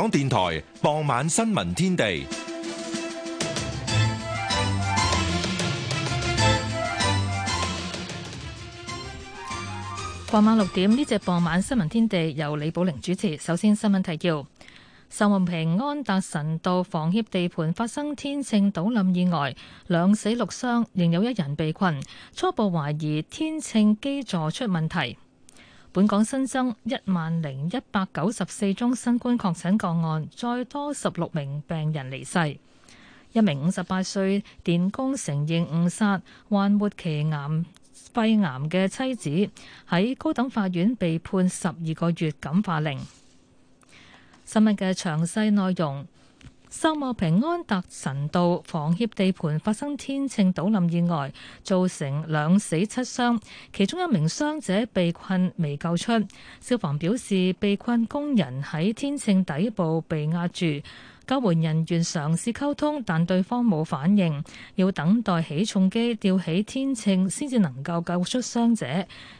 港電台傍晚新聞天地，傍晚六點呢隻傍晚新聞天地由李寶玲主持。首先新聞提要：秀茂坪安達臣道房協地盤發生天秤倒冧意外，兩死六傷，仍有一人被困，初步懷疑天秤基座出問題。本港新增一萬零一百九十四宗新冠確診個案，再多十六名病人離世。一名五十八歲電工承認誤殺患末期癌肺癌嘅妻子，喺高等法院被判十二個月感化令。新聞嘅詳細內容。秀茂坪安達臣道房協地盤發生天秤倒冧意外，造成兩死七傷，其中一名傷者被困未救出。消防表示，被困工人喺天秤底部被壓住，救援人員嘗試溝通，但對方冇反應，要等待起重機吊起天秤先至能夠救出傷者。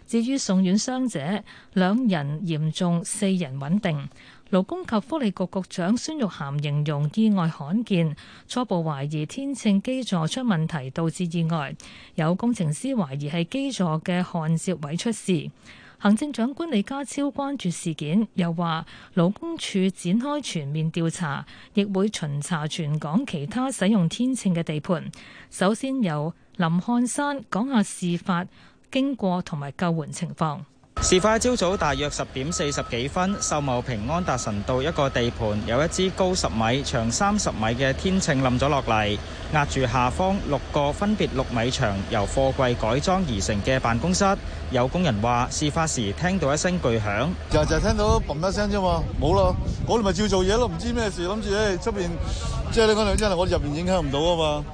至於送院傷者，兩人嚴重，四人穩定。勞工及福利局局長孫玉菡形容意外罕見，初步懷疑天秤基座出問題導致意外。有工程師懷疑係基座嘅焊接位出事。行政長官李家超關注事件，又話勞工處展開全面調查，亦會巡查全港其他使用天秤嘅地盤。首先由林漢山講下事發經過同埋救援情況。事發喺朝早大約十點四十幾分，秀茂坪安達臣道一個地盤有一支高十米、長三十米嘅天秤冧咗落嚟，壓住下方六個分別六米長由貨櫃改裝而成嘅辦公室。有工人話，事發時聽到一聲巨響，就就聽到嘭一聲啫，欸就是、嘛，冇啦，我哋咪照做嘢咯，唔知咩事，諗住出邊，即係你講兩句之後，我哋入邊影響唔到啊嘛。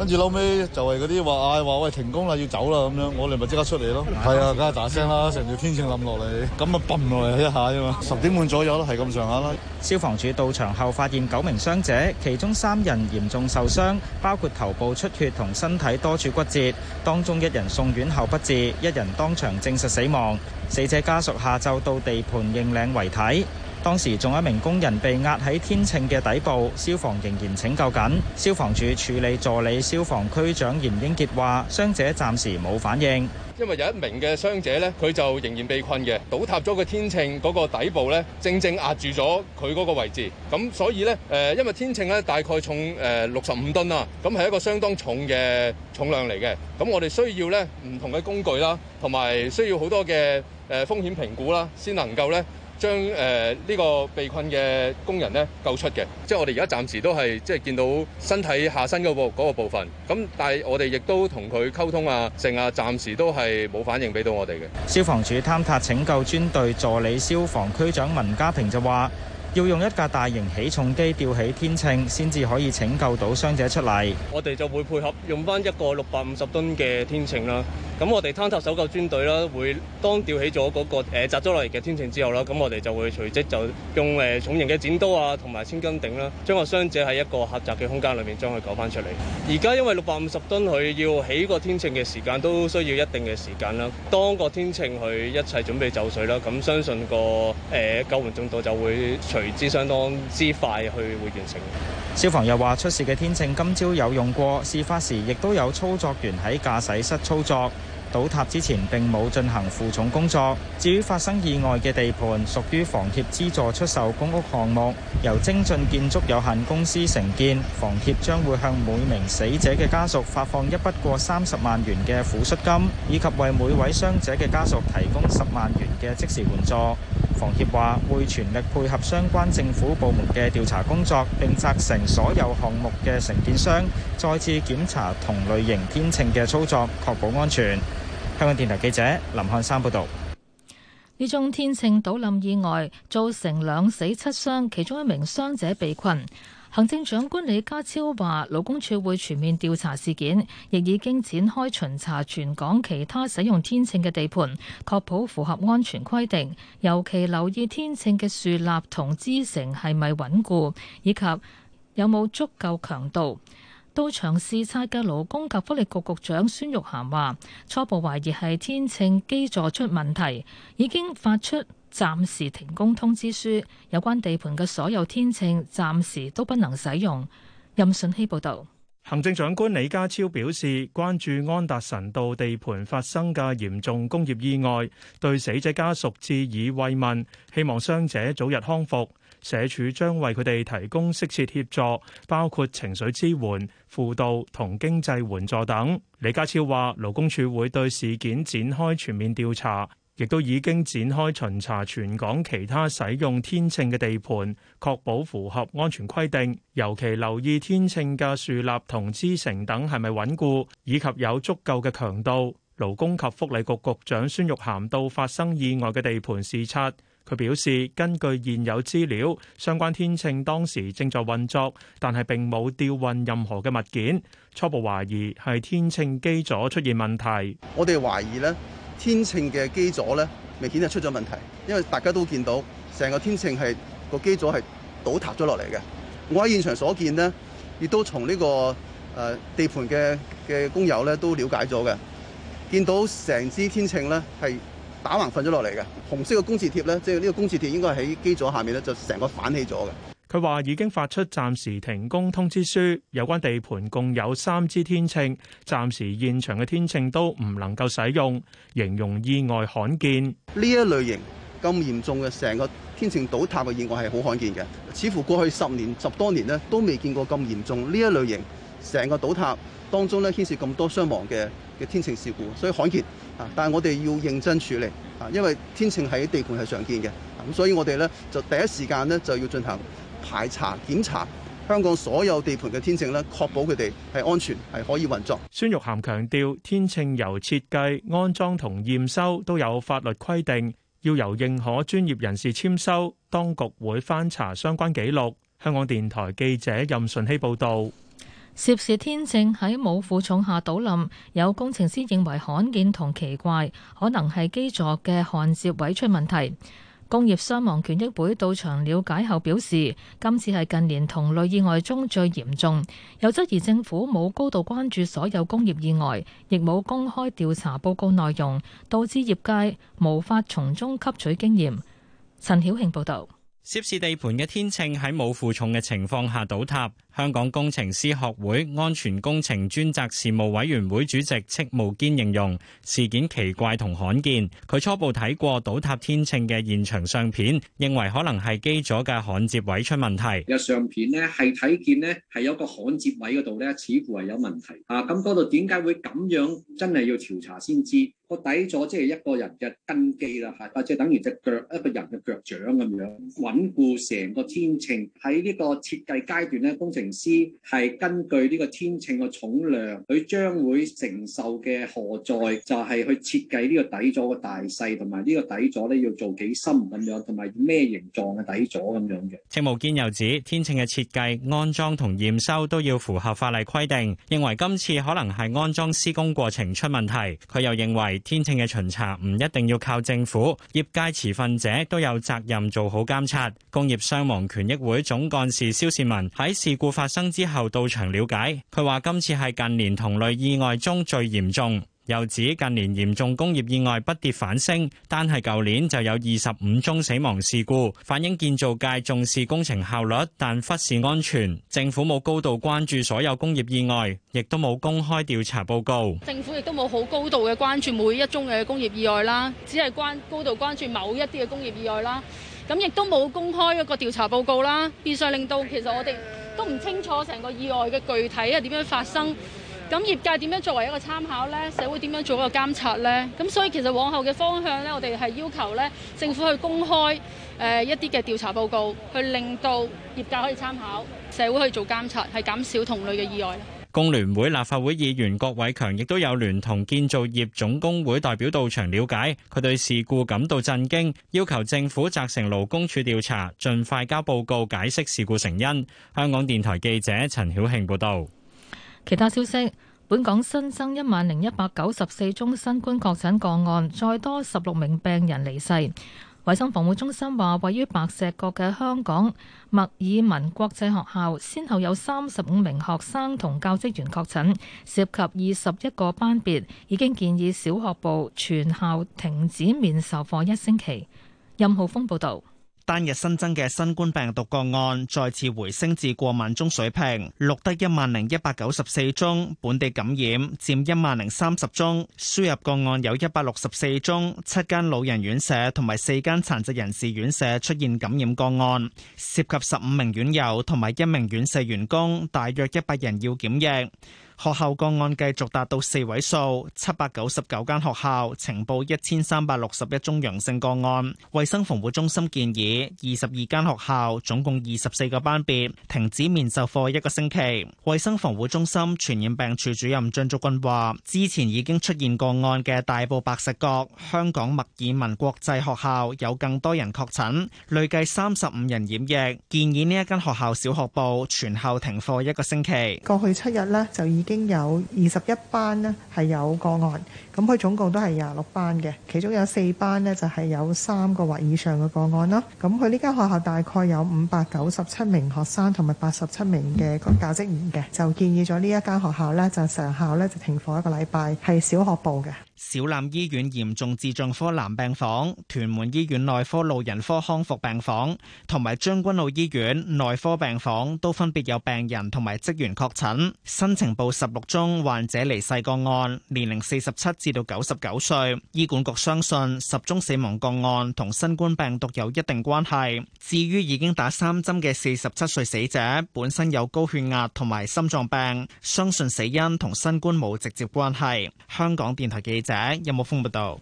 跟住後尾就係嗰啲話，唉話喂停工啦，要走啦咁樣，我哋咪即刻出嚟咯。係啊，梗係大聲啦，成條天秤冧落嚟，咁咪崩落嚟一下啫嘛。 十點半左右啦，係咁上下啦。 消防處到場後，發現九名傷者，其中三人嚴重受傷，包括頭部出血同身體多處骨折。當中一人送院後不治，一人當場證實死亡。死者家屬下晝到地盤認領遺體。當時仲有一名工人被壓喺天秤嘅底部，消防仍然拯救緊。消防處處理助理消防區長嚴英傑話，傷者暫時冇反應。因為有一名嘅傷者咧，佢就仍然被困嘅，倒塌咗個天秤嗰個底部咧，正正壓住咗佢嗰個位置。咁所以咧，誒，因為天秤咧大概重誒六十五噸啦，咁係一個相當重嘅重量嚟嘅。咁我哋需要咧唔同嘅工具啦，同埋需要好多嘅誒風險評估啦，先能夠咧。將誒呢個被困嘅工人咧救出嘅，即係我哋而家暫時都係即係見到身體下身嗰個部分，咁但係我哋亦都同佢溝通啊，剩啊，暫時都係冇反應俾到我哋嘅。消防處坍塌拯救專隊助理消防區長文家平就話。要用一架大型起重機吊起天秤，先至可以拯救到傷者出嚟。我哋就會配合用翻一個六百五十噸嘅天秤啦。咁我哋坍塌搜救專隊啦，會當吊起咗嗰、那個誒砸咗落嚟嘅天秤之後啦，咁我哋就會隨即就用誒重型嘅剪刀啊，同埋千斤頂啦，將個傷者喺一個狹窄嘅空間裏面將佢救翻出嚟。而家因為六百五十噸佢要起個天秤嘅時間都需要一定嘅時間啦。當個天秤佢一切準備就緒啦，咁相信個誒、呃、救援進度就會隨隨之相當之快去會完成。消防又話，出事嘅天秤今朝有用過，事發時亦都有操作員喺駕駛室操作。倒塌之前並冇進行負重工作。至於發生意外嘅地盤屬於房協資助出售公屋項目，由精進建築有限公司承建。房協將會向每名死者嘅家屬發放一筆過三十萬元嘅撫恤金，以及為每位傷者嘅家屬提供十萬元嘅即時援助。房協話會全力配合相關政府部門嘅調查工作，並責成所有項目嘅承建商再次檢查同類型天秤嘅操作，確保安全。香港電台記者林漢山報道。呢宗天秤倒冧意外造成兩死七傷，其中一名傷者被困。行政長官李家超話：勞工處會全面調查事件，亦已經展開巡查全港其他使用天秤嘅地盤，確保符合安全規定，尤其留意天秤嘅豎立同支承係咪穩固，以及有冇足夠強度。到場視察嘅勞工及福利局局長孫玉菡話：初步懷疑係天秤基座出問題，已經發出暫時停工通知書，有關地盤嘅所有天秤暫時都不能使用。任信希報導，行政長官李家超表示關注安達臣道地盤發生嘅嚴重工業意外，對死者家屬致以慰問，希望傷者早日康復。社署將為佢哋提供適切協助，包括情緒支援、輔導同經濟援助等。李家超話，勞工處會對事件展開全面調查。亦都已經展開巡查全港其他使用天秤嘅地盤，確保符合安全規定，尤其留意天秤嘅樹立同支承等係咪穩固，以及有足夠嘅強度。勞工及福利局局長孫玉菡到發生意外嘅地盤視察，佢表示根據現有資料，相關天秤當時正在運作，但係並冇吊運任何嘅物件。初步懷疑係天秤機組出現問題。我哋懷疑呢。天秤嘅基座咧，明顯係出咗問題，因為大家都見到成個天秤係個基座係倒塌咗落嚟嘅。我喺現場所見咧，亦都從呢、這個誒、呃、地盤嘅嘅工友咧都了解咗嘅，見到成支天秤咧係打橫瞓咗落嚟嘅。紅色嘅工字鐵咧，即係呢個工字鐵應該喺基座下面咧，就成個反起咗嘅。佢話已經發出暫時停工通知書，有關地盤共有三支天秤，暫時現場嘅天秤都唔能夠使用，形容意外罕見。呢一類型咁嚴重嘅成個天秤倒塌嘅意外係好罕見嘅，似乎過去十年十多年咧都未見過咁嚴重呢一類型成個倒塌當中咧牽涉咁多傷亡嘅嘅天秤事故，所以罕見啊。但係我哋要認真處理啊，因為天秤喺地盤係常見嘅，咁所以我哋呢就第一時間咧就要進行。排查檢查香港所有地盤嘅天秤咧，確保佢哋係安全，係可以運作。孫玉涵強調，天秤由設計、安裝同驗收都有法律規定，要由認可專業人士簽收，當局會翻查相關記錄。香港電台記者任順希報道。涉事天秤喺冇負重下倒冧，有工程師認為罕見同奇怪，可能係基座嘅焊接位出問題。工業傷亡權益會到場了解後表示，今次係近年同類意外中最嚴重，有質疑政府冇高度關注所有工業意外，亦冇公開調查報告內容，導致業界無法從中吸取經驗。陳曉慶報道。涉事地盤嘅天秤喺冇負重嘅情況下倒塌。香港工程師學會安全工程專責事務委員會主席戚慕堅形容事件奇怪同罕見。佢初步睇過倒塌天秤嘅現場相片，認為可能係基座嘅焊接位出問題。有相片呢係睇見呢係有一個焊接位嗰度呢，似乎係有問題。啊，咁嗰度點解會咁樣？真係要調查先知。個底座即係一個人嘅根基啦，吓或者等於隻腳，一個人嘅腳掌咁樣，穩固成個天秤喺呢個設計階段咧，工程師係根據呢個天秤嘅重量，佢將會承受嘅荷載就係去設計呢個底座嘅大細同埋呢個底座咧要做幾深咁樣，同埋咩形狀嘅底座咁樣嘅。程慕堅又指，天秤嘅設計、安裝同驗收都要符合法例規定，認為今次可能係安裝施工過程出問題。佢又認為。天秤嘅巡查唔一定要靠政府，業界持份者都有責任做好監察。工業傷亡權益會總幹事肖善文喺事故發生之後到場了解，佢話今次係近年同類意外中最嚴重。又指近年嚴重工業意外不跌反升，但係舊年就有二十五宗死亡事故，反映建造界重視工程效率，但忽視安全。政府冇高度關注所有工業意外，亦都冇公開調查報告。政府亦都冇好高度嘅關注每一宗嘅工業意外啦，只係關高度關注某一啲嘅工業意外啦。咁亦都冇公開一個調查報告啦，變相令到其實我哋都唔清楚成個意外嘅具體係點樣發生。咁業界點樣作為一個參考呢？社會點樣做一個監察呢？咁所以其實往後嘅方向呢，我哋係要求呢，政府去公開誒一啲嘅調查報告，去令到業界可以參考，社會去做監察，係減少同類嘅意外。工聯會立法會議員郭偉強亦都有聯同建造業總工會代表到場了解，佢對事故感到震驚，要求政府責成勞工處調查，盡快交報告解釋事故成因。香港電台記者陳曉慶報道。其他消息，本港新增一萬零一百九十四宗新冠確診個案，再多十六名病人離世。衛生防護中心話，位於白石角嘅香港麥爾文國際學校先後有三十五名學生同教職員確診，涉及二十一個班別，已經建議小學部全校停止面授課一星期。任浩峰報道。單日新增嘅新冠病毒個案再次回升至過萬宗水平，錄得一萬零一百九十四宗本地感染，佔一萬零三十宗；輸入個案有一百六十四宗。七間老人院舍同埋四間殘疾人士院舍出現感染個案，涉及十五名院友同埋一名院舍員工，大約一百人要檢疫。學校個案繼續達到四位數，七百九十九間學校呈報一千三百六十一宗陽性個案。衛生防護中心建議二十二間學校，總共二十四個班別停止面授課一個星期。衛生防護中心傳染病處主任張竹君話，之前已經出現個案嘅大埔白石角、香港墨爾文國際學校有更多人確診，累計三十五人染疫，建議呢一間學校小學部全校停課一個星期。過去七日呢。就已經。已經有二十一班呢係有個案，咁佢總共都係廿六班嘅，其中有四班呢，就係有三個或以上嘅個案咯。咁佢呢間學校大概有五百九十七名學生同埋八十七名嘅教職員嘅，就建議咗呢一間學校呢，就成校呢，就停課一個禮拜，係小學部嘅。小欖醫院嚴重智障科男病房、屯門醫院內科老人科康復病房同埋將軍澳醫院內科病房都分別有病人同埋職員確診，新呈報，十六宗患者離世個案，年齡四十七至到九十九歲。醫管局相信十宗死亡個案同新冠病毒有一定關係。至於已經打三針嘅四十七歲死者，本身有高血壓同埋心臟病，相信死因同新冠冇直接關係。香港電台記者。有冇鋒報道。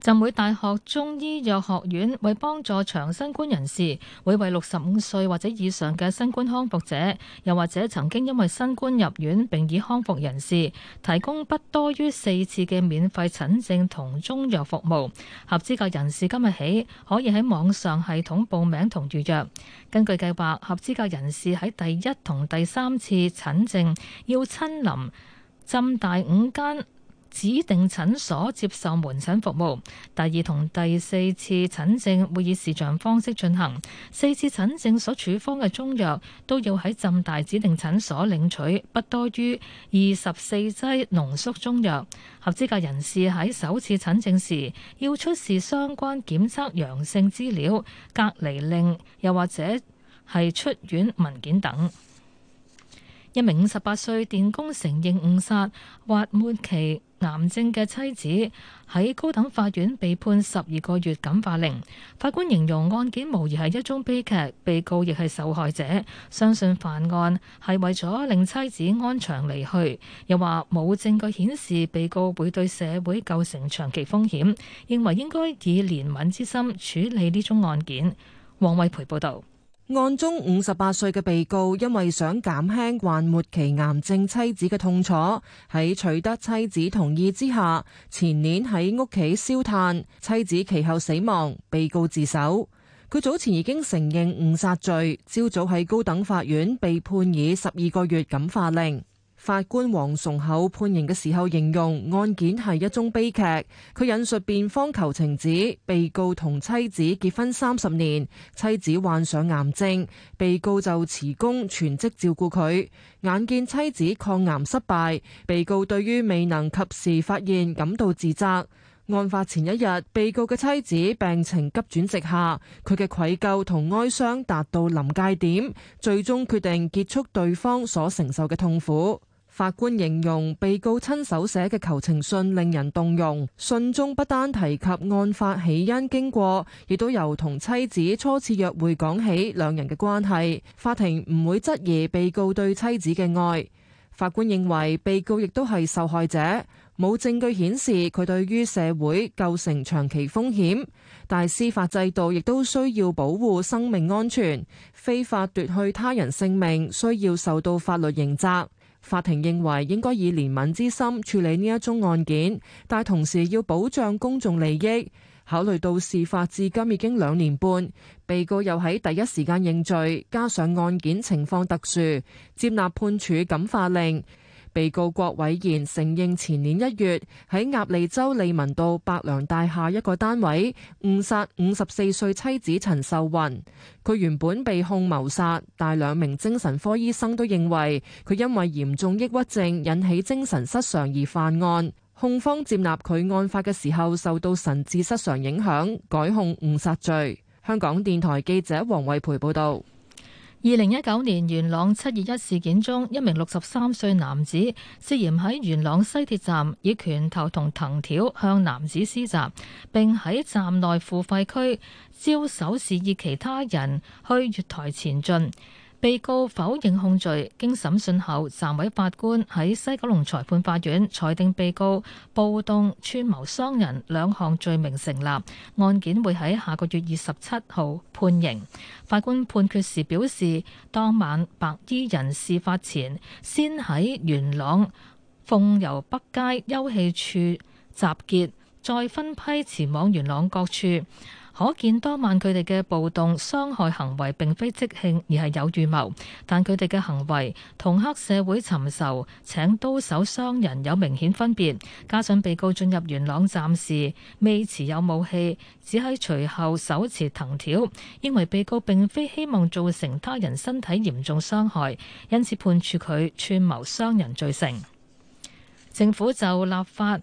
浸會大學中醫藥學院為幫助長新冠人士，會為六十五歲或者以上嘅新冠康復者，又或者曾經因為新冠入院並已康復人士，提供不多於四次嘅免費診症同中藥服務。合資格人士今日起可以喺網上系統報名同預約。根據計劃，合資格人士喺第一同第三次診症要親臨浸大五間。指定診所接受門診服務。第二同第四次診症會以視像方式進行。四次診症所處方嘅中藥都要喺浸大指定診所領取，不多於二十四劑濃縮中藥。合資格人士喺首次診症時要出示相關檢測陽性資料、隔離令，又或者係出院文件等。一名五十八歲電工承認誤殺或末期癌症嘅妻子喺高等法院被判十二個月感化令。法官形容案件無疑係一宗悲劇，被告亦係受害者，相信犯案係為咗令妻子安詳離去。又話冇證據顯示被告會對社會構成長期風險，認為應該以憐憫之心處理呢宗案件。黃偉培報道。案中五十八歲嘅被告，因為想減輕患末期癌症妻子嘅痛楚，喺取得妻子同意之下，前年喺屋企燒炭，妻子其後死亡，被告自首。佢早前已經承認誤殺罪，朝早喺高等法院被判以十二個月感化令。法官黃崇厚判刑嘅時候，形容案件係一宗悲劇。佢引述辯方求情指，指被告同妻子結婚三十年，妻子患上癌症，被告就辭工全職照顧佢。眼見妻子抗癌失敗，被告對於未能及時發現感到自責。案發前一日，被告嘅妻子病情急轉直下，佢嘅愧疚同哀傷達到臨界點，最終決定結束對方所承受嘅痛苦。法官形容被告親手寫嘅求情信令人動容，信中不單提及案發起因經過，亦都由同妻子初次約會講起兩人嘅關係。法庭唔會質疑被告對妻子嘅愛。法官認為被告亦都係受害者，冇證據顯示佢對於社會構成長期風險，但司法制度亦都需要保護生命安全，非法奪去他人性命需要受到法律刑責。法庭認為應該以憐憫之心處理呢一宗案件，但同時要保障公眾利益。考慮到事發至今已經兩年半，被告又喺第一時間認罪，加上案件情況特殊，接納判處感化令。被告郭偉賢承認前年一月喺鴨脷洲利民道百良大廈一個單位誤殺五十四歲妻子陳秀雲。佢原本被控謀殺，但兩名精神科醫生都認為佢因為嚴重抑鬱症引起精神失常而犯案。控方接納佢案發嘅時候受到神志失常影響，改控誤殺罪。香港電台記者黃慧培報道。二零一九年元朗七二一事件中，一名六十三歲男子涉嫌喺元朗西鐵站以拳頭同藤條向男子施襲，並喺站內付費區招手示意其他人去月台前進。被告否認控罪，經審訊後，暫委法官喺西九龍裁判法院裁定被告暴動、串謀傷人兩項罪名成立，案件會喺下個月二十七號判刑。法官判決時表示，當晚白衣人事發前，先喺元朗鳳遊北街休憩處集結，再分批前往元朗各處。可見，當晚佢哋嘅暴動傷害行為並非即興，而係有預謀。但佢哋嘅行為同黑社會尋仇、請刀手傷人有明顯分別。加上被告進入元朗站時未持有武器，只係隨後手持藤條，認為被告並非希望造成他人身體嚴重傷害，因此判處佢串謀傷人罪成。政府就立法。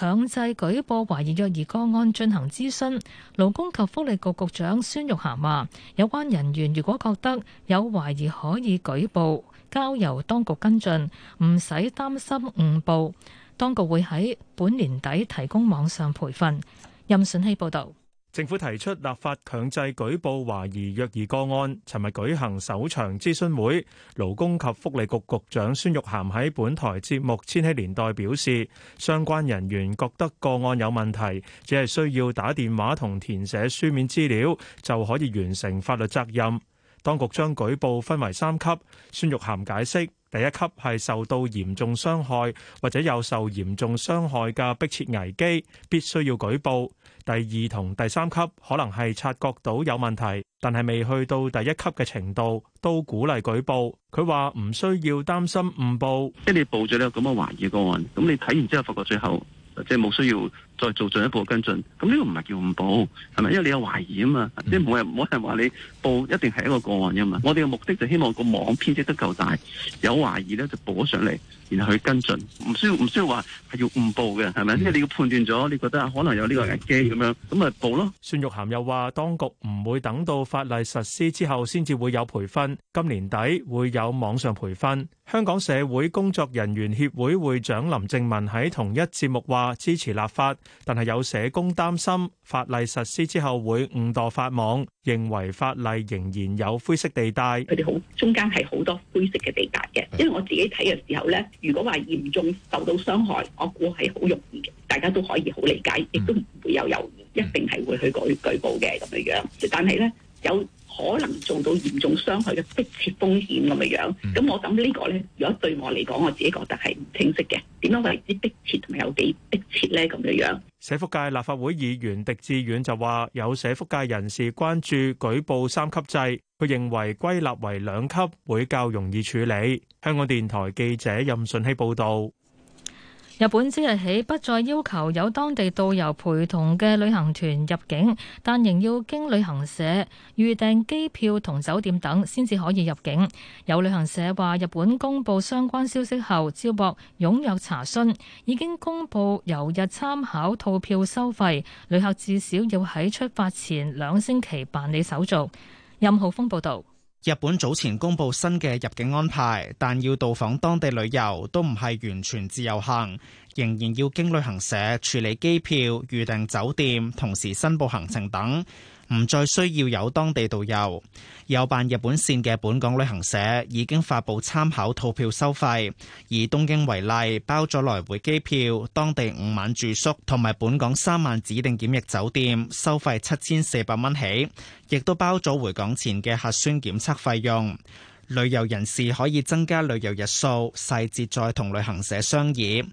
強制舉報懷疑虐兒個案進行諮詢，勞工及福利局局長孫玉菡話：有關人員如果覺得有懷疑可以舉報，交由當局跟進，唔使擔心誤報。當局會喺本年底提供網上培訓。任信希報導。政府提出立法強制舉報懷疑虐兒個案，尋日舉行首場諮詢會。勞工及福利局局長孫玉涵喺本台節目《千禧年代》表示，相關人員覺得個案有問題，只係需要打電話同填寫書面資料就可以完成法律責任。當局將舉報分為三級。孫玉涵解釋。第一級係受到嚴重傷害或者有受嚴重傷害嘅迫切危機，必須要舉報。第二同第三級可能係察覺到有問題，但係未去到第一級嘅程度，都鼓勵舉報。佢話唔需要擔心誤報，即係你報咗呢個咁嘅懷疑個案，咁你睇完之後發覺最後即係冇需要，再做進一步跟進，咁呢個唔係叫誤報，係咪？因為你有懷疑啊嘛，嗯、即係冇人冇人話你報一定係一個個案啊嘛。我哋嘅目的就希望個網編織得夠大，有懷疑咧就報上嚟。然後去跟進，唔需要唔需要話係要誤報嘅，係咪？即係你要判斷咗，你覺得可能有呢個危機咁樣，咁咪報咯。孫玉菡又話：當局唔會等到法例實施之後先至會有培訓，今年底會有網上培訓。香港社會工作人員協會會長林正文喺同一節目話支持立法，但係有社工擔心法例實施之後會誤墮法網，認為法例仍然有灰色地帶。佢哋好，中間係好多灰色嘅地帶嘅，因為我自己睇嘅時候呢。如果話嚴重受到傷害，我估係好容易嘅，大家都可以好理解，亦都唔會有猶豫，一定係會去舉舉報嘅咁樣樣。但係呢有。可能做到嚴重傷害嘅迫切風險咁嘅樣，咁我諗呢個呢，如果對我嚟講，我自己覺得係唔清晰嘅，點樣為之迫切同埋有幾迫切呢？咁嘅樣？社福界立法會議員狄志遠就話：有社福界人士關注舉報三級制，佢認為歸納為兩級會較容易處理。香港電台記者任順希報導。日本即日起不再要求有當地導遊陪同嘅旅行團入境，但仍要經旅行社預訂機票同酒店等先至可以入境。有旅行社話，日本公布相關消息後，招博踴躍查詢，已經公布由日參考套票收費，旅客至少要喺出發前兩星期辦理手續。任浩峰報導。日本早前公布新嘅入境安排，但要到訪當地旅遊都唔係完全自由行，仍然要經旅行社處理機票、預訂酒店，同時申報行程等。唔再需要有當地導遊，有辦日本線嘅本港旅行社已經發布參考套票收費，以東京為例，包咗來回機票、當地五晚住宿同埋本港三晚指定檢疫酒店，收費七千四百蚊起，亦都包咗回港前嘅核酸檢測費用。旅遊人士可以增加旅遊日數，細節再同旅行社商議。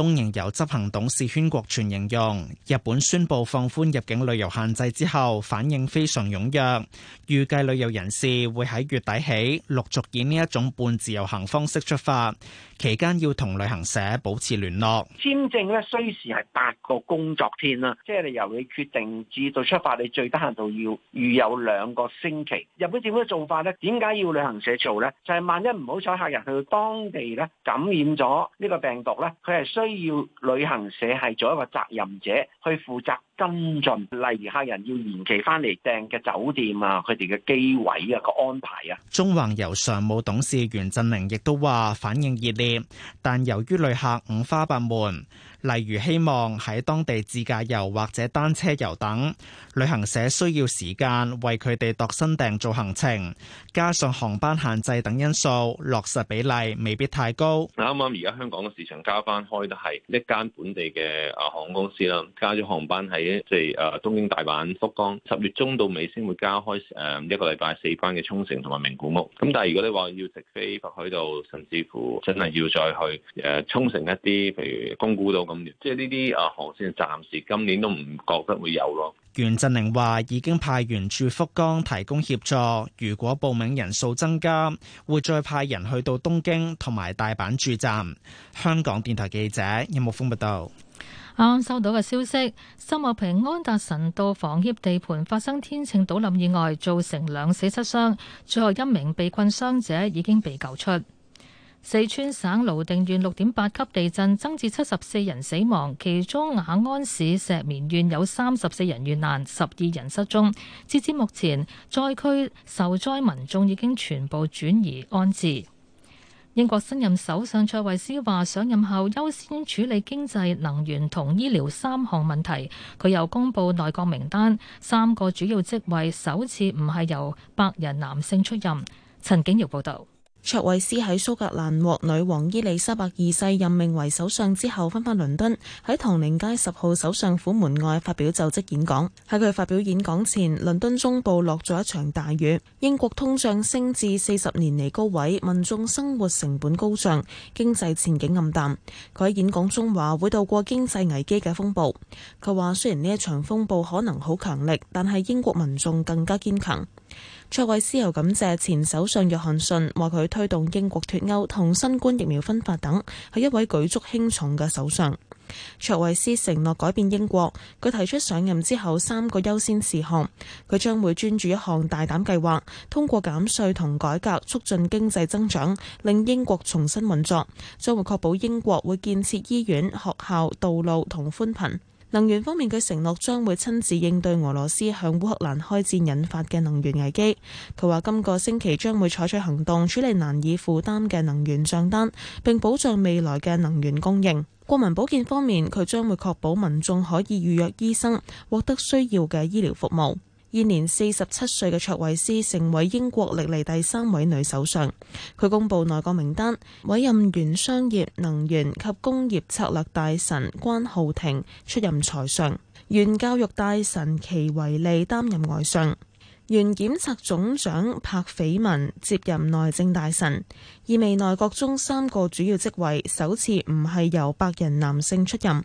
東瀛遊執行董事禤國全形容，日本宣布放寬入境旅遊限制之後，反應非常踴躍。預計旅遊人士會喺月底起陸續以呢一種半自由行方式出發，期間要同旅行社保持聯絡。簽證呢，需時係八個工作天啦，即係由你決定至到出發，你最低限度要預有兩個星期。日本政府嘅做法呢，點解要旅行社做呢？就係、是、萬一唔好彩客人去到當地呢，感染咗呢個病毒呢，佢係需。需要旅行社係做一個責任者去負責。跟進，例如客人要延期翻嚟訂嘅酒店啊，佢哋嘅機位啊個安排啊。中環遊常務董事袁振寧亦都話反應熱烈，但由於旅客五花八門，例如希望喺當地自駕遊或者單車遊等，旅行社需要時間為佢哋度身訂做行程，加上航班限制等因素，落實比例未必太高。啱啱而家香港嘅市場加翻開都係一間本地嘅航空公司啦，加咗航班喺。即係誒東京、大阪、福岡，十月中到尾先會加開誒一個禮拜四班嘅沖繩同埋名古屋。咁但係如果你話要直飛北海道，甚至乎真係要再去誒沖繩一啲，譬如宮古島咁，即係呢啲啊航線暫時今年都唔覺得會有咯。袁振寧話已經派員駐福岡提供協助，如果報名人數增加，會再派人去到東京同埋大阪駐站。香港電台記者任木豐報道。有啱、嗯、收到嘅消息，秀茂坪安達臣道房協地盤發生天秤倒冧意外，造成兩死七傷，最後一名被困傷者已經被救出。四川省瀘定縣6.8級地震增至七十四人死亡，其中雅安市石棉縣有三十四人遇難，十二人失蹤。截至目前，災區受災民眾已經全部轉移安置。英國新任首相卓慧思話：上任後優先處理經濟、能源同醫療三項問題。佢又公布內閣名單，三個主要職位首次唔係由白人男性出任。陳景瑤報導。卓慧斯喺蘇格蘭獲女王伊麗莎白二世任命為首相之後倫，翻返倫敦喺唐寧街十號首相府門外發表就職演講。喺佢發表演講前，倫敦中部落咗一場大雨。英國通脹升至四十年嚟高位，民衆生活成本高漲，經濟前景暗淡。佢喺演講中話會度過經濟危機嘅風暴。佢話雖然呢一場風暴可能好強力，但係英國民衆更加堅強。卓慧思又感謝前首相約翰遜，話佢推動英國脱歐同新冠疫苗分發等，係一位舉足輕重嘅首相。卓慧思承諾改變英國，佢提出上任之後三個優先事項，佢將會專注一項大膽計劃，通過減稅同改革促進經濟增長，令英國重新運作，將會確保英國會建設醫院、學校、道路同寬頻。能源方面，佢承諾將會親自應對俄羅斯向烏克蘭開戰引發嘅能源危機。佢話今個星期將會採取行動處理難以負擔嘅能源賬單，並保障未來嘅能源供應。國民保健方面，佢將會確保民眾可以預約醫生，獲得需要嘅醫療服務。現年四十七歲嘅卓慧斯成為英國歷嚟第三位女首相。佢公布內閣名單，委任原商業、能源及工業策略大臣關浩廷出任財相，原教育大臣奇維利擔任外相。原檢察總長柏斐文接任內政大臣，意味內閣中三個主要職位首次唔係由白人男性出任。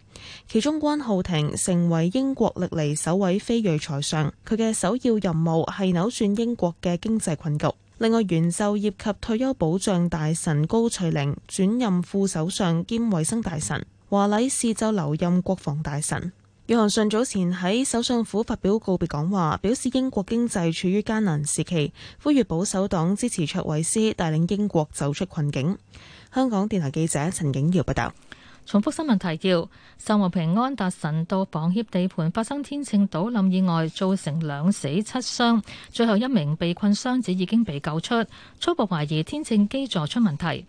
其中關浩庭成為英國歷嚟首位非裔財相，佢嘅首要任務係扭轉英國嘅經濟困局。另外，原就業及退休保障大臣高翠玲轉任副首相兼衞生大臣，華禮士就留任國防大臣。約翰遜早前喺首相府發表告別講話，表示英國經濟處於艱難時期，呼籲保守黨支持卓偉斯帶領英國走出困境。香港電台記者陳景瑤報道。重複新聞提要：三和平安達臣道房協地盤發生天秤倒冧意外，造成兩死七傷，最後一名被困傷者已經被救出，初步懷疑天秤基座出問題。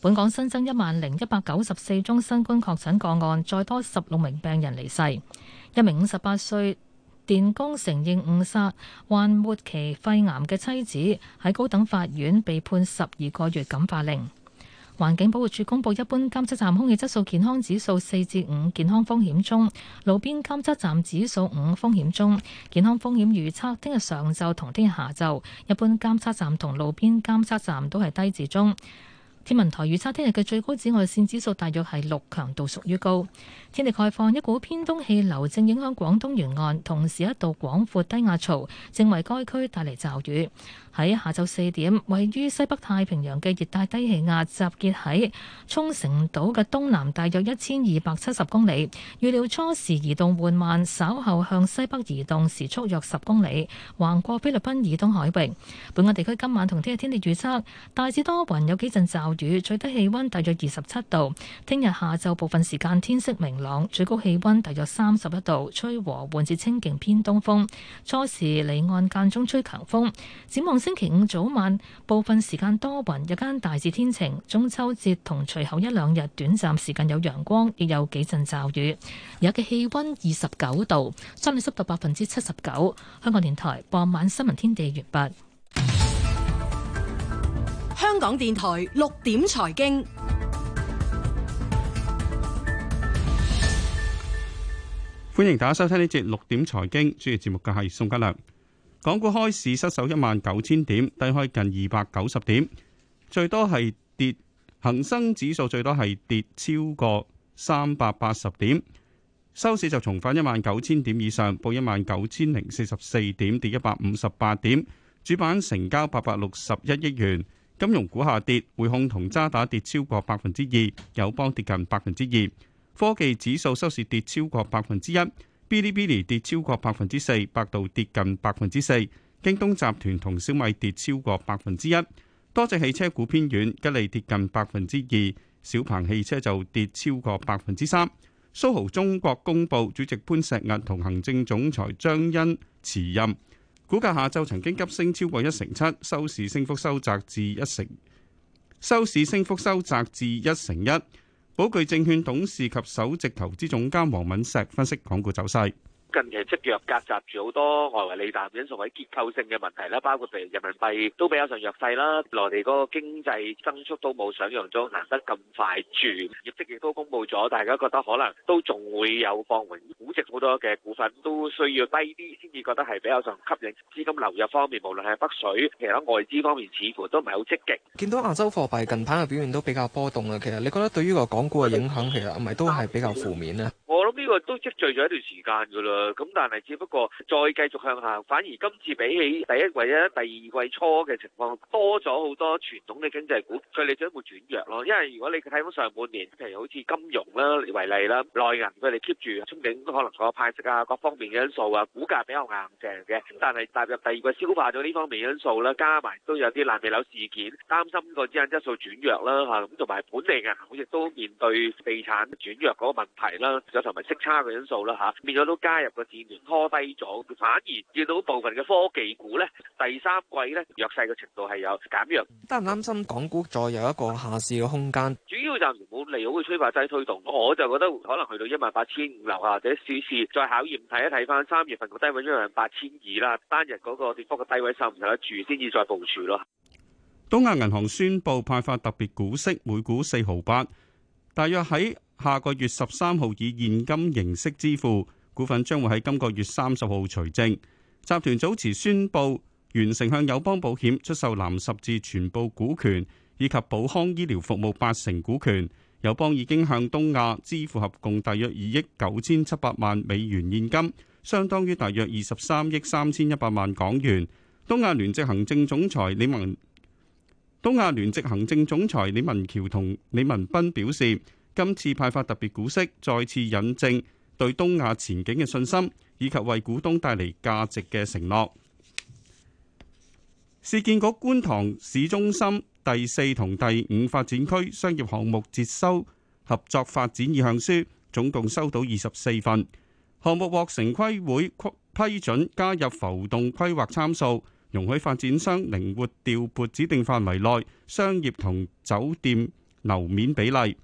本港新增一萬零一百九十四宗新冠確診個案，再多十六名病人離世。一名五十八歲電工承認誤殺，患末期肺癌嘅妻子喺高等法院被判十二個月感化令。環境保護署公布，一般監測站空氣質素健康指數四至五，健康風險中；路邊監測站指數五，風險中。健康風險預測，聽日上晝同聽日下晝，一般監測站同路邊監測站都係低至中。天文台預測聽日嘅最高紫外線指數大約係六，強度屬於高。天氣概況，一股偏東氣流正影響廣東沿岸，同時一道廣闊低壓槽正為該區帶嚟驟雨。喺下晝四點，位於西北太平洋嘅熱帶低氣壓集結喺沖繩島嘅東南，大約一千二百七十公里。預料初時移動緩慢，稍後向西北移動，時速約十公里，橫過菲律賓以東海域。本港地區今晚同聽日天氣預測，大致多雲，有幾陣驟雨，最低氣温大約二十七度。聽日下晝部分時間天色明朗，最高氣温大約三十一度，吹和緩至清勁偏東風。初時離岸間中吹強風。展望。星期五早晚部分時間多雲，日間大致天晴。中秋節同隨後一兩日短暫時間有陽光，亦有幾陣驟雨。而家嘅氣温二十九度，相對濕度百分之七十九。香港電台傍晚新聞天地完畢。香港電台六點財經，歡迎大家收聽呢節六點財經。主持節目嘅係宋家亮。港股開市失守一萬九千點，低開近二百九十點，最多係跌，恒生指數最多係跌超過三百八十點，收市就重返一萬九千點以上，報一萬九千零四十四點，跌一百五十八點。主板成交八百六十一億元，金融股下跌，匯控同渣打跌超過百分之二，友邦跌近百分之二，科技指數收市跌超過百分之一。嗶哩嗶哩跌超過百分之四，百度跌近百分之四，京東集團同小米跌超過百分之一，多隻汽車股偏軟，吉利跌近百分之二，小鵬汽車就跌超過百分之三。蘇豪中國公布主席潘石屹同行政總裁張欣辭任，股價下晝曾經急升超過一成七，收市升幅收窄至一成，收市升幅收窄至一成一。寶具證券董事及首席投資總監黃敏石分析港股走勢。近期積弱夾雜住好多外圍利淡因素，為結構性嘅問題啦，包括譬如人民幣都比較上弱勢啦，內地嗰個經濟增速都冇想象中難得咁快轉。業績亦都公布咗，大家覺得可能都仲會有放緩，估值好多嘅股份都需要低啲先至覺得係比較上吸引資金流入方面，無論係北水其實喺外資方面似乎都唔係好積極。見到亞洲貨幣近排嘅表現都比較波動啊，其實你覺得對於個港股嘅影響其實係咪都係比較負面咧、啊？我諗呢個都積聚咗一段時間㗎啦。誒咁，但係只不過再繼續向下，反而今次比起第一季咧、第二季初嘅情況多咗好多傳統嘅經濟股，佢哋將會轉弱咯。因為如果你睇翻上半年，譬如好似金融啦為例啦，內銀佢哋 keep 住沖頂，都可能個派息啊、各方面嘅因素啊，股價比較硬淨嘅。但係踏入第二季消化咗呢方面因素啦，加埋都有啲爛尾樓事件，擔心個資產質素轉弱啦嚇。咁同埋本地銀行亦都面對地產轉弱嗰個問題啦，有同埋息差嘅因素啦嚇，變咗都加個市面拖低咗，反而見到部分嘅科技股咧，第三季咧弱勢嘅程度係有減弱，得唔擔心港股再有一個下市嘅空間？主要就唔好利好嘅催化劑推動，我就覺得可能去到一萬八千五樓下，或者試試再考驗睇一睇翻三月份個低位，因為一萬八千二啦，單日嗰個跌幅嘅低位受唔受得住，先至再部署咯。東亞銀行宣布派發特別股息，每股四毫八，大約喺下個月十三號以現金形式支付。股份將會喺今個月三十號除正。集團早前宣布完成向友邦保險出售藍十字全部股權，以及保康醫療服務八成股權。友邦已經向東亞支付合共大約二億九千七百萬美元現金，相當於大約二十三億三千一百萬港元。東亞聯席行政總裁李文、東亞聯席行政總裁李文橋同李文斌表示，今次派發特別股息，再次引證。對東亞前景嘅信心，以及為股東帶嚟價值嘅承諾。市建局觀塘市中心第四同第五發展區商業項目接收合作發展意向書，總共收到二十四份。項目獲城規會批准加入浮動規劃參數，容許發展商靈活調撥指定範圍內商業同酒店樓面比例。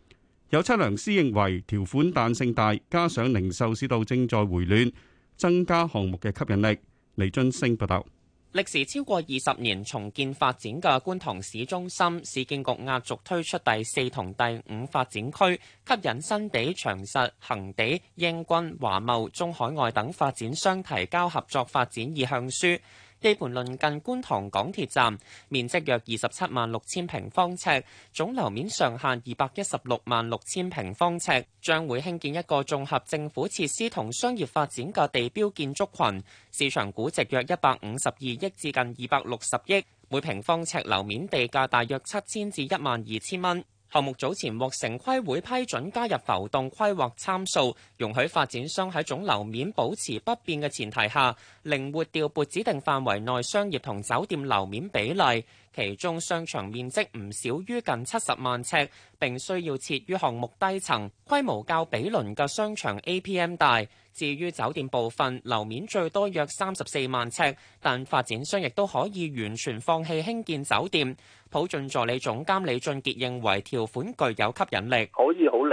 有測量師認為條款彈性大，加上零售市道正在回暖，增加項目嘅吸引力。李津升報道，歷時超過二十年重建發展嘅觀塘市中心，市建局壓軸推出第四同第五發展區，吸引新地、長實、恒地、英軍、華茂、中海外等發展商提交合作發展意向書。地盤鄰近觀塘港鐵站，面積約二十七萬六千平方尺，總樓面上限二百一十六萬六千平方尺，將會興建一個綜合政府設施同商業發展嘅地標建築群。市場估值約一百五十二億至近二百六十億，每平方尺樓面地價大約七千至一萬二千蚊。項目早前獲城規會批准加入浮動規劃參數，容許發展商喺總樓面保持不變嘅前提下，靈活調撥指定範圍內商業同酒店樓面比例。其中商場面積唔少於近七十萬尺，並需要設於項目低層，規模較比鄰嘅商場 APM 大。至於酒店部分，樓面最多約三十四萬尺，但發展商亦都可以完全放棄興建酒店。普進助理總監李俊傑認為條款具有吸引力，可以好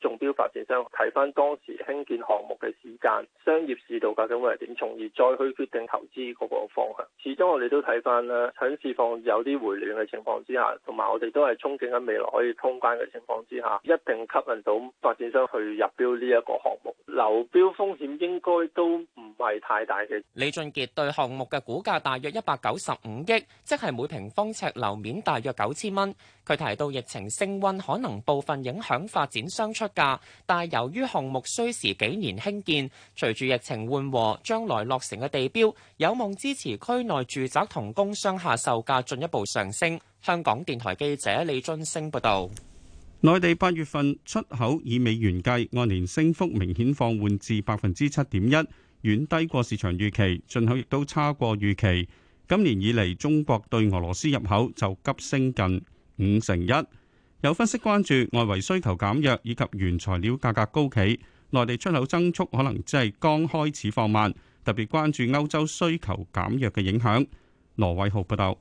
中標發展商睇翻當時興建項目嘅時間、商業市道究竟會係點，從而再去決定投資嗰個方向。始終我哋都睇翻啦，喺市況有啲回暖嘅情況之下，同埋我哋都係憧憬緊未來可以通關嘅情況之下，一定吸引到發展商去入標呢一個項目。流標風險應該都唔係太大嘅。李俊杰對項目嘅估價大約一百九十五億，即係每平方尺樓面大約九千蚊。佢提到疫情升溫可能部分影響發展商。出價，但由於項目需時幾年興建，隨住疫情緩和，將來落成嘅地標有望支持區內住宅同工商下售價進一步上升。香港電台記者李津升報道，內地八月份出口以美元計，按年升幅明顯放緩至百分之七點一，遠低過市場預期；進口亦都差過預期。今年以嚟，中國對俄羅斯入口就急升近五成一。有分析關注外圍需求減弱以及原材料價格高企，內地出口增速可能只係剛開始放慢，特別關注歐洲需求減弱嘅影響。羅偉豪報導，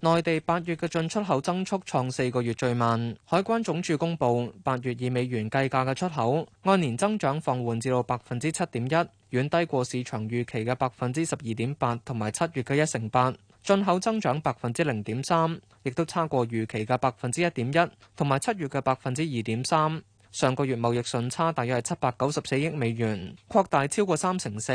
內地八月嘅進出口增速創四個月最慢。海關總署公布，八月以美元計價嘅出口按年增長放緩至到百分之七點一，遠低過市場預期嘅百分之十二點八同埋七月嘅一成八。進口增長百分之零點三，亦都差過預期嘅百分之一點一，同埋七月嘅百分之二點三。上個月貿易順差大約係七百九十四億美元，擴大超過三成四，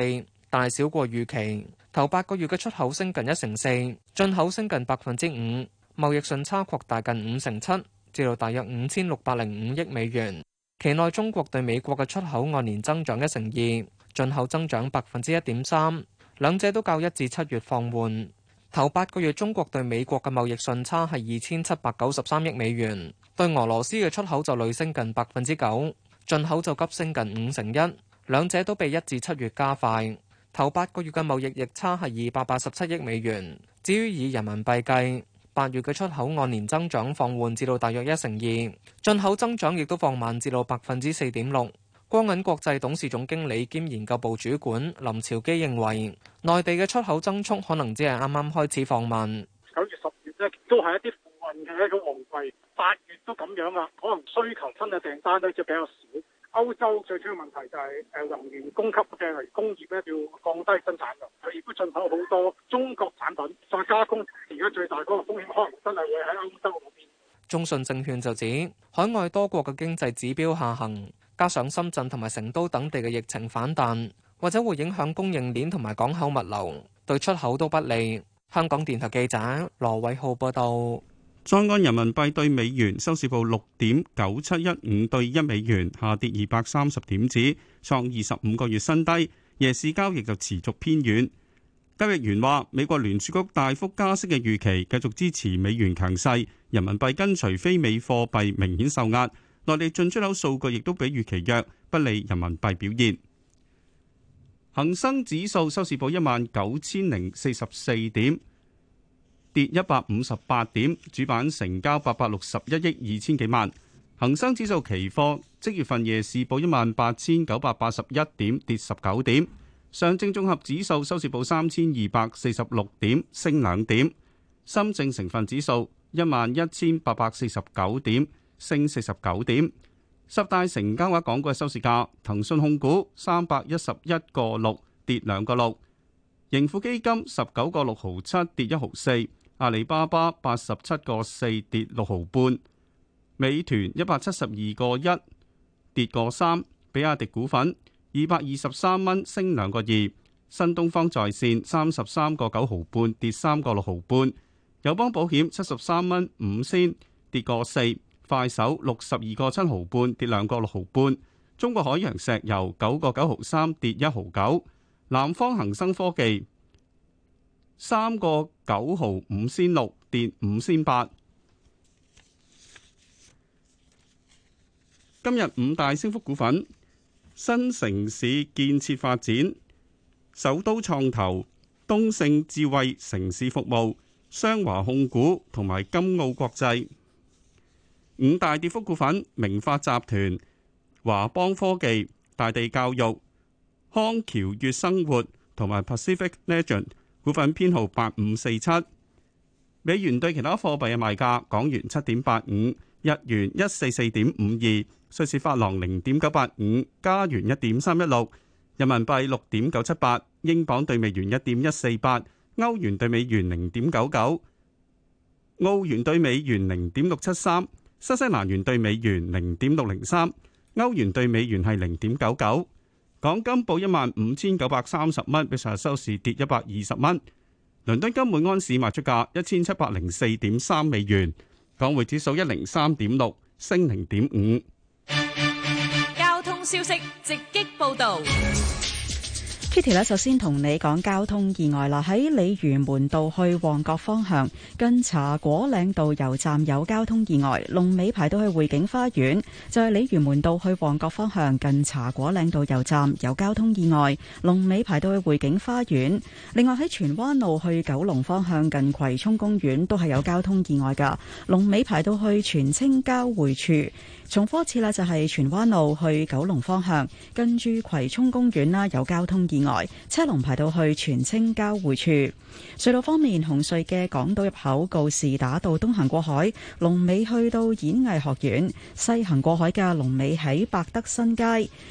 但係少過預期。頭八個月嘅出口升近一成四，進口升近百分之五，貿易順差擴大近五成七，至到大約五千六百零五億美元。期內中國對美國嘅出口按年增長一成二，進口增長百分之一點三，兩者都較一至七月放緩。頭八個月，中國對美國嘅貿易順差係二千七百九十三億美元，對俄羅斯嘅出口就累升近百分之九，進口就急升近五成一，兩者都被一至七月加快。頭八個月嘅貿易逆差係二百八十七億美元。至於以人民幣計，八月嘅出口按年增長放緩，至到大約一成二，進口增長亦都放慢至到百分之四點六。光銀國際董事總經理兼研究部主管林朝基認為，內地嘅出口增速可能只係啱啱開始放慢。九月、十月咧都係一啲貨運嘅一個旺季，八月都咁樣啊，可能需求新嘅訂單呢就比較少。歐洲最主要問題就係誒能源供給嘅工業咧要降低生產量，佢亦都進口好多中國產品再加工，而家最大嗰個風險可能真係會喺歐洲嗰邊。中信證券就指，海外多國嘅經濟指標下行。加上深圳同埋成都等地嘅疫情反彈，或者會影響供應鏈同埋港口物流，對出口都不利。香港電台記者羅偉浩報道。在岸人民幣兌美元收市報六點九七一五兌一美元，下跌二百三十點子，創二十五個月新低。夜市交易就持續偏軟。交易員話：美國聯儲局大幅加息嘅預期，繼續支持美元強勢，人民幣跟隨非美貨幣明顯受壓。內地進出口數據亦都比預期弱，不利人民幣表現。恒生指數收市報一萬九千零四十四點，跌一百五十八點，主板成交八百六十一億二千幾萬。恒生指數期貨即月份夜市報一萬八千九百八十一點，跌十九點。上證綜合指數收市報三千二百四十六點，升兩點。深證成分指數一萬一千八百四十九點。升四十九點，十大成交額講過收市價，騰訊控股三百一十一個六跌兩個六，盈富基金十九個六毫七跌一毫四，阿里巴巴八十七個四跌六毫半，美團一百七十二個一跌個三，比亞迪股份二百二十三蚊升兩個二，新東方在線三十三個九毫半跌三個六毫半，友邦保險七十三蚊五仙跌個四。快手六十二個七毫半，75, 跌兩個六毫半。中國海洋石油九個九毫三，跌一毫九。南方恒生科技三個九毫五先六，跌五先八。今日五大升幅股份：新城市建設發展、首都創投、東盛智慧城市服務、雙華控股同埋金澳國際。五大跌幅股份：明發集團、華邦科技、大地教育、康橋悅生活同埋 Pacific Legend 股份編號八五四七。美元對其他貨幣嘅賣價：港元七點八五，日元一四四點五二，瑞士法郎零點九八五，加元一點三一六，人民幣六點九七八，英鎊兌美元一點一四八，歐元兌美元零點九九，澳元兌美元零點六七三。新西蘭元兌美元零點六零三，歐元兌美元係零點九九。港金報一萬五千九百三十蚊，比上日收市跌一百二十蚊。倫敦金每安士賣出價一千七百零四點三美元，港匯指數一零三點六，升零點五。交通消息直擊報道。Kitty 咧，首先同你講交通意外啦。喺鯉魚門道去旺角方向，近茶果嶺道油站有交通意外，龍尾排到去匯景花園。就係鯉魚門道去旺角方向，近茶果嶺道油站有交通意外，龍尾排到去匯景花園。另外喺荃灣路去九龍方向，近葵涌公園都係有交通意外噶，龍尾排到去荃青交匯處。重複一次啦，就係荃灣路去九龍方向，近住葵涌公園啦，有交通意外車龍排到去全青交匯處。隧道方面，紅隧嘅港島入口告士打道東行過海，龍尾去到演藝學院；西行過海嘅龍尾喺百德新街。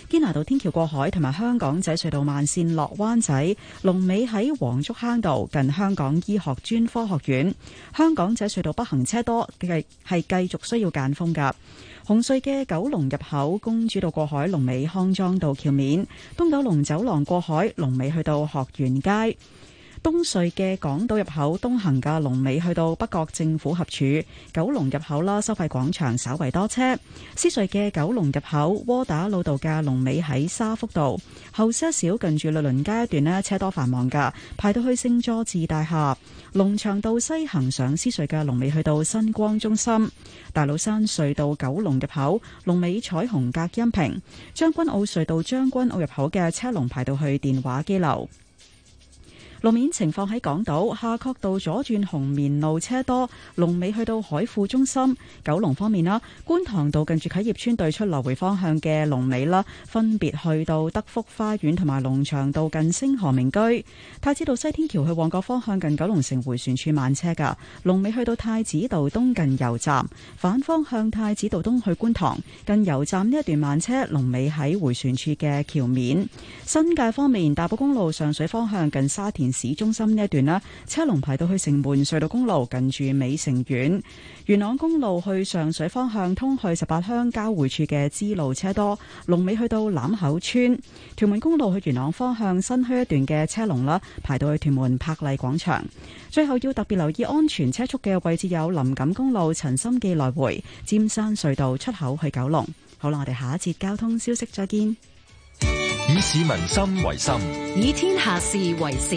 堅拿道天橋過海同埋香港仔隧道慢綫落灣仔，龍尾喺黃竹坑道近香港醫學專科學院。香港仔隧道北行車多，係繼續需要間風㗎。紅隧嘅九龍入口，公主道過海，龍尾康莊道橋面；東九龍走廊過海，龍尾去到學園街。東隧嘅港島入口東行嘅龍尾去到北角政府合署，九龍入口啦收費廣場稍為多車。獅隧嘅九龍入口窩打老道嘅龍尾喺沙福道，後些少近住律倫街一段呢，車多繁忙噶，排到去星座智大廈。龍翔道西行上獅隧嘅龍尾去到新光中心。大老山隧道九龍入口龍尾彩虹隔音屏，將軍澳隧道將軍澳入口嘅車龍排到去電話機樓。路面情況喺港島夏愨道左轉紅棉路車多，龍尾去到海富中心。九龍方面啦，觀塘道近住啟業邨對出來回方向嘅龍尾啦，分別去到德福花園同埋龍翔道近星河明居。太子道西天橋去旺角方向近九龍城回旋處慢車嘅龍尾去到太子道東近油站，反方向太子道東去觀塘近油站呢一段慢車，龍尾喺回旋處嘅橋面。新界方面，大埔公路上水方向近沙田。市中心呢一段啦，車龍排到去城門隧道公路，近住美城苑。元朗公路去上水方向，通去十八鄉交匯處嘅支路車多，龍尾去到欖口村。屯門公路去元朗方向新墟一段嘅車龍啦，排到去屯門柏麗廣場。最後要特別留意安全車速嘅位置有林錦公路陳心記來回、尖山隧道出口去九龍。好啦，我哋下一節交通消息再見。以市民心為心，以天下事為事。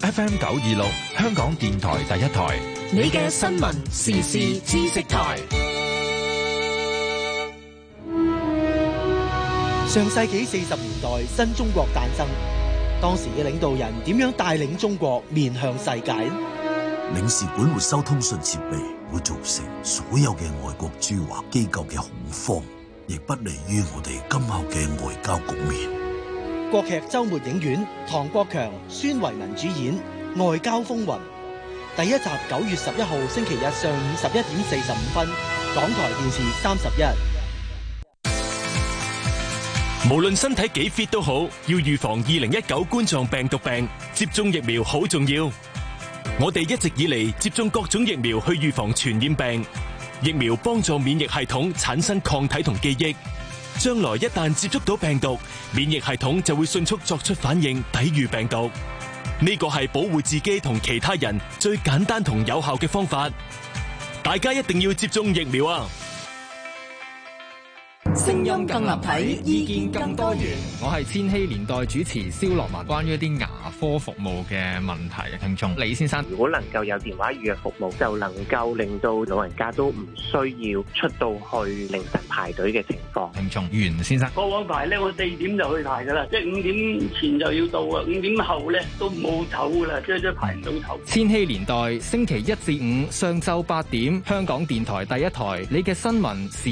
FM 九二六，香港電台第一台。你嘅新聞時事知識台。上世紀四十年代，新中國誕生。當時嘅領導人點樣帶領中國面向世界呢？領事館沒收通訊設備，會造成所有嘅外國駐華機構嘅恐慌，亦不利於我哋今後嘅外交局面。國劇周末影院，唐國強、孫維民主演《外交風雲》第一集，九月十一號星期日上午十一點四十五分，港台電視三十一。無論身體幾 fit 都好，要預防二零一九冠狀病毒病，接種疫苗好重要。我哋一直以嚟接種各種疫苗去預防傳染病，疫苗幫助免疫系統產生抗體同記憶。將來一旦接觸到病毒，免疫系統就會迅速作出反應，抵禦病毒。呢個係保護自己同其他人最簡單同有效嘅方法。大家一定要接種疫苗啊！聲音更立體，意見更多元。我係千禧年代主持蕭樂文。關於一啲牙科服務嘅問題，聽眾李先生，如果能夠有電話預約服務，就能夠令到老人家都唔需要出到去凌晨排隊嘅情況。聽眾袁先生，過往排呢，我四點就去排噶啦，即係五點前就要到啊，五點後呢都冇籌噶啦，即係都排唔到頭。千禧年代星期一至五上晝八點，香港電台第一台，你嘅新聞時。